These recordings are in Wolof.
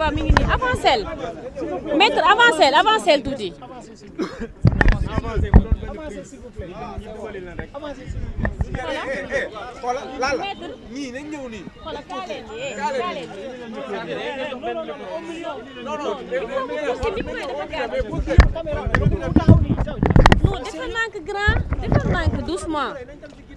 ba mi ngi nii avancel maître avancel avancel tuuti. voilà laal la ñii nañ ñëw nii. xoolal kaa leen nii kaa leen nii. non non. non naa ko grand defal naa ko doucement.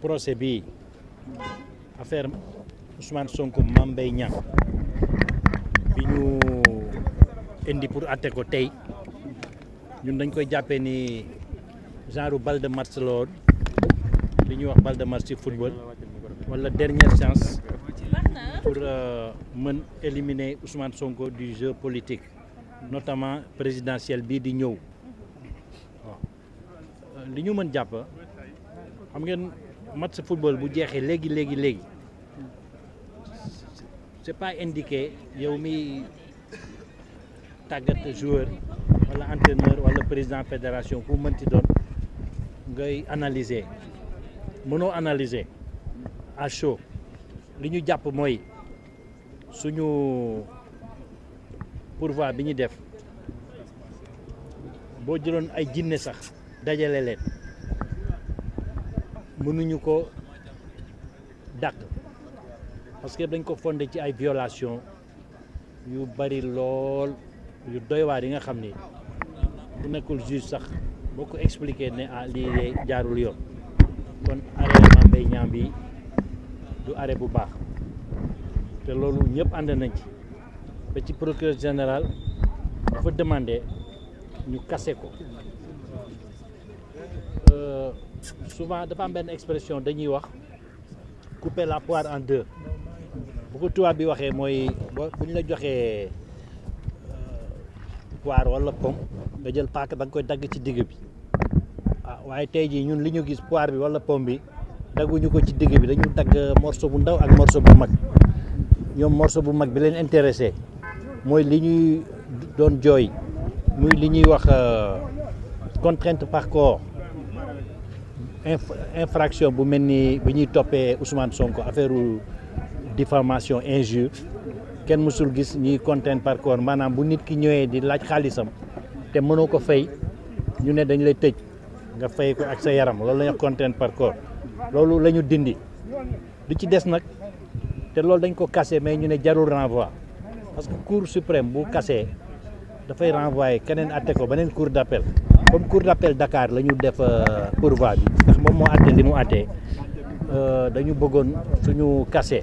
procès bi affaire Ousmane Sonko Mame Mbaye bi ñu indi pour atte ko tey ñun dañ koy jàppe ni genre bal de match lool li ñuy wax bal de match ci football wala dernière chance pour euh, mën éliminer Ousmane Sonko du jeu politique notamment présidentiel bii di ñëw li ñu mën jàpp xam ngeen match football bu jeexee léegi léegi léegi c'est pas indiqué yow mi tàggat joueur wala entraîneur wala président fédération ku mënti doon ngay analyser mënoo analyser à chaud li ñu jàpp mooy suñu pourvoi bi ñu def boo jëloon ay jinne sax dajale leen mënuñu ko dàq parce que dañ ko fondé ci ay violation yu bari lool yu doywaar yi nga xam ni bu nekkul juge sax boo ko expliqué ne ah lii jaarul yoon kon arrêt Mame Mbaye Niang bi du are bu baax te loolu ñëpp ànd nañ ci ba ci procureur général dafa demandé ñu kase ko Euh, souvent dafa am benn expression dañuy wax couper la poire en deux bu ko tubaab bi waxee mooy bu ñu la joxee euh, poire wala pomme nga jël paaka da nga koy dagg ci digg bi ah waaye tey jii ñun li ñu gis poire bi wala pomme bi dagguñu ko ci digg bi dañu dagg morso bu ndaw ak morceau bu mag ñoom morso bu mag bi leen intéressé mooy li ñuy doon jooy muy li ñuy wax euh, contrainte par corps infraction bu mel ni bu ñuy toppee Ousmane Sonko affaire diffamation injure kenn mësul gis ñuy content par corps maanaam bu nit ki ñëwee di laaj xaalisam te mënoo ko fay ñu ne dañ lay tëj nga fay ko ak sa yaram loolu la ñu content par corps loolu la ñu dindi du ci des nag te loolu dañ ko kase mais ñu ne jarul renvoi parce que cour suprême bu kasee dafay renvoyer keneen atte ko beneen cour d'appel comme cour d'appel Dakar la ñu def euh, pourvoi bi ndax moom moo àtte li mu àttee euh, dañu bëggoon suñu casser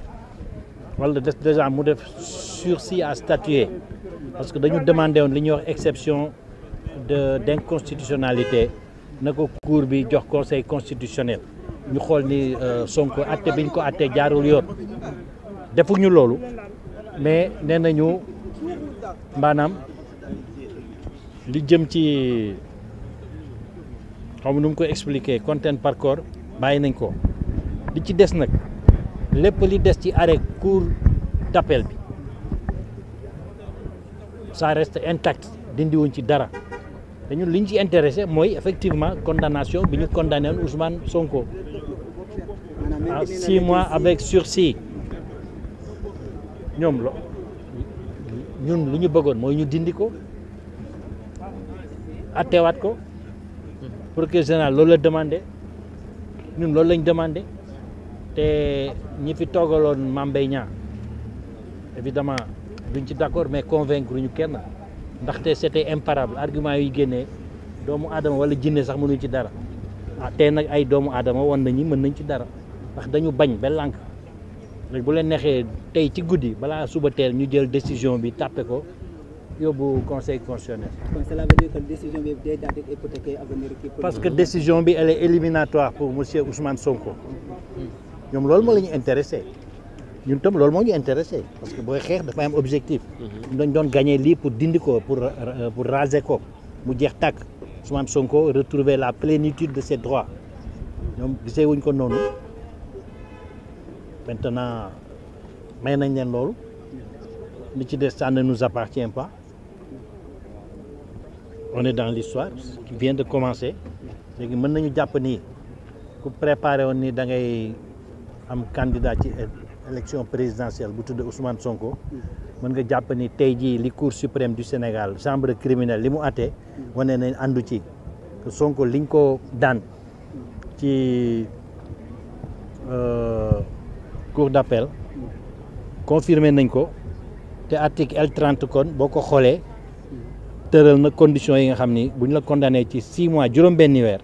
wala des déjà mu def sursis à statuer parce que dañu demandé woon li ñuy wax exception de d'inconstitutionnalité na ko cour bi jox conseil constitutionnel ñu xool ni euh, Sonko àtte bi ñu ko àttee jaarul yoon defuñu loolu mais nee nañu maanaam li jëm ci xaw ma nu mu koy expliquer content par corps bàyyi nañ ko li ci des nag lépp li des ci arrêt cour d'appel bi ça reste intact dindiwuñ ci dara te ñun ñu ci intéressé mooy effectivement condamnation bi ñu condamné woon Ousmane Sonko à six mois avec sursis ñoom lo ñun lu ñu bëggoon mooy ñu dindi ko attewaat ko pour que général loolu la demandé ñun loolu lañ demandé te ñi fi toogaloon Mame ñaa Niang évidemment duñ ci d'accord mais convaincre ñu kenn ndaxte c'était imparable argument yuy génnee doomu aadama wala jinne sax mënuñ ci dara ah nag ay doomu aadama wan nañu mën nañ ci dara ndax dañu bañ ba lànk bu leen neexee tey ci guddi balaa suba teel ñu jël décision bi tàppe ko yóbbu conseil constitutionnel. kon cela veut dire que décision bi day daal di hypothéquer avenir kii. parce que décision bi elle pour monsieur Ousmane Sonko. ñoom loolu moo la ñu intéressé ñun tam loolu moo ñu intéressé parce que booy xeex dafa am objectif. Mhm. dañ doon gagné lii pour dindi ko pour pour raser ko mu jeex tàkk Ousmane Sonko retrouver la plénitude de ses droits ñoom gisee wuñ ko noonu maintenant may nañ leen loolu li ci des ça ne nous appartient pas. on est dans l'histoire qui vient de commencer léegi mën nañu jàpp ni ku préparé woon ni da ngay am candidat ci élection présidentielle bu tudd Ousmane Sonko mën nga jàpp ni tey jii li cour suprême du Sénégal chambre criminelle li mu àttee wane nañ àndu ci que Sonko liñ ko daan ci euh, cour d'appel confirmé nañ ko te article L30 kon boo ko xoolee tëral na condition yi nga xam ni bu ñu la condamné ci six mois juróom benn weer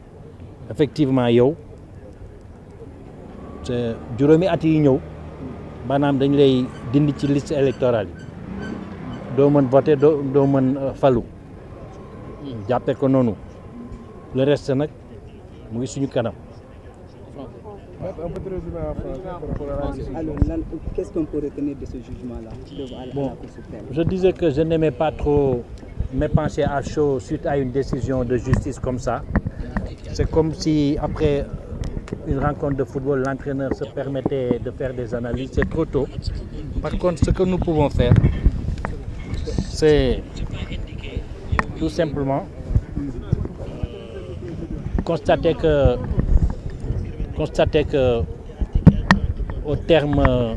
effectivement yow juróomi at yi ñëw maanaam dañ lay dindi ci liste électorale yi doo mën voté doo doo mën euh, falu jàppe ko noonu le rest nag mu ngi suñu kanam. m'épancher à chaud suite à une décision de justice comme ça. C'est comme si après une rencontre de football, l'entraîneur se permettait de faire des analyses. C'est trop tôt. Par contre, ce que nous pouvons faire, c'est tout simplement constater que, constater que au terme euh,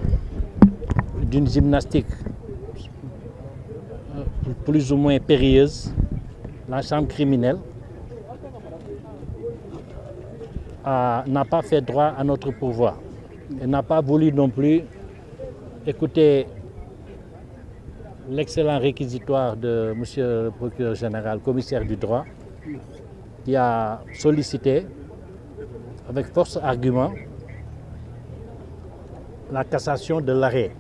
d'une gymnastique plus ou moins périlleuse, la chambre criminelle ah, n'a pas fait droit à notre pouvoir. Elle n'a pas voulu non plus écouter l'excellent réquisitoire de M. le procureur général, commissaire du droit, qui a sollicité avec force argument la cassation de l'arrêt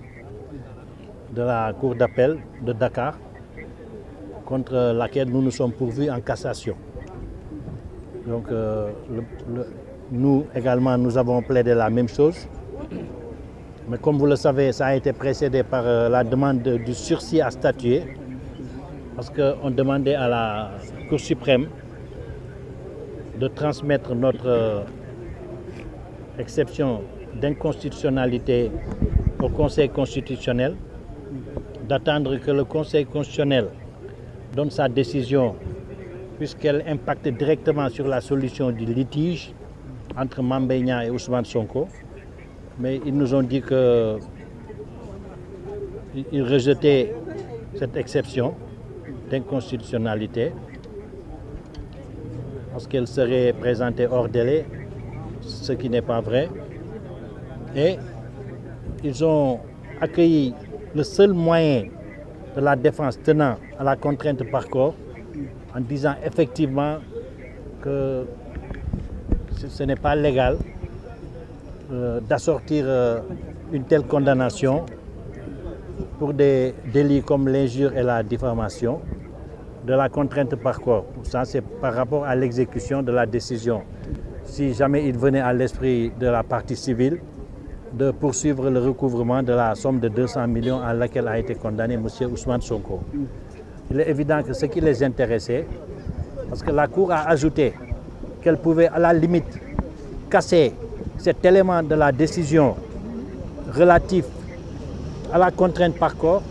de la Cour d'appel de Dakar contre laquelle nous nous sommes pourvus en cassation. Donc euh, le, le, nous également, nous avons plaidé la même chose. Mais comme vous le savez, ça a été précédé par euh, la demande du sursis à statuer, parce qu'on demandait à la Cour suprême de transmettre notre euh, exception d'inconstitutionnalité au Conseil constitutionnel, d'attendre que le Conseil constitutionnel donne sa décision puisqu'elle impacte directement sur la solution du litige entre Mambéignan et Ousmane Sonko. Mais ils nous ont dit qu'ils rejetaient cette exception d'inconstitutionnalité parce qu'elle serait présentée hors délai, ce qui n'est pas vrai. Et ils ont accueilli le seul moyen de la défense tenant à la contrainte par corps en disant effectivement que ce n'est pas légal euh, d'assortir euh, une telle condamnation pour des délits comme l'injure et la diffamation de la contrainte par corps. Ça, c'est par rapport à l'exécution de la décision. Si jamais il venait à l'esprit de la partie civile, de poursuivre le recouvrement de la somme de 200 millions à laquelle a été condamné M. Ousmane Sonko. Il est évident que ce qui les intéressait, parce que la Cour a ajouté qu'elle pouvait à la limite casser cet élément de la décision relatif à la contrainte par corps,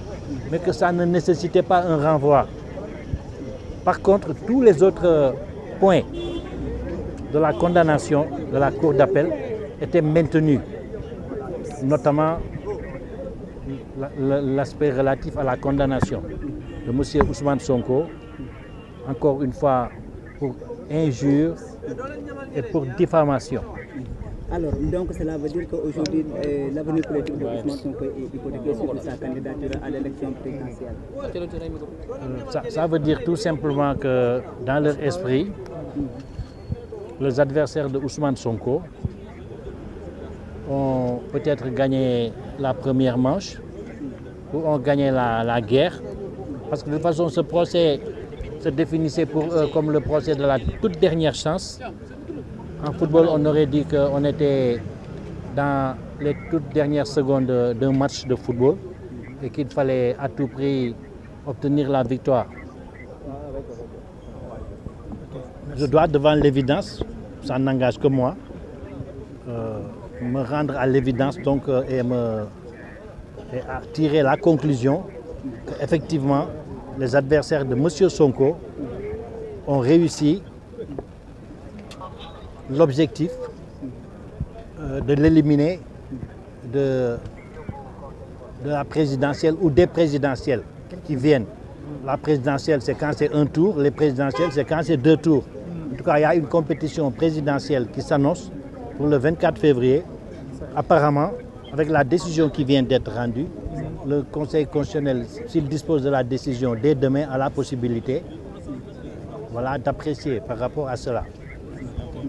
mais que ça ne nécessitait pas un renvoi. Par contre, tous les autres points de la condamnation de la Cour d'appel étaient maintenus. notamment l'aspect relatif à la condamnation de monsieur Ousmane Sonko, encore une fois pour injure et pour diffamation. Alors, donc cela veut dire qu'aujourd'hui, euh, euh tout simplement que dans leur esprit, les adversaires de Ousmane Sonko ont peut-être gagné la première manche ou ont gagné la, la guerre. Parce que de toute façon, ce procès se définissait pour eux comme le procès de la toute dernière chance. En football, on aurait dit qu'on était dans les toutes dernières secondes d'un match de football et qu'il fallait à tout prix obtenir la victoire. Je dois, devant l'évidence, ça n'engage que moi, euh, me rendre à l'évidence donc euh, et me et à tirer la conclusion qu'effectivement les adversaires de Monsieur Sonko ont réussi l'objectif euh, de l'éliminer de de la présidentielle ou des présidentielles qui viennent. La présidentielle, c'est quand c'est un tour, les présidentielles, c'est quand c'est deux tours. En tout cas, il y a une compétition présidentielle qui s'annonce pour le 24 février. Apparemment, avec la décision qui vient d'être le Conseil constitutionnel, s'il la décision dès demain, a la possibilité voilà, d'apprécier par rapport à cela.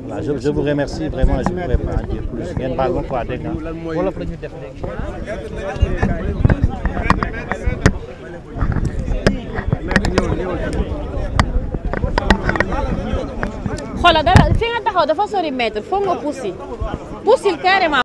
Voilà, je, je, vous remercie vraiment, je ne pourrais pas en dire xoolal dara fi nga taxaw dafa sori mètre foog nga poussi poussi carrément.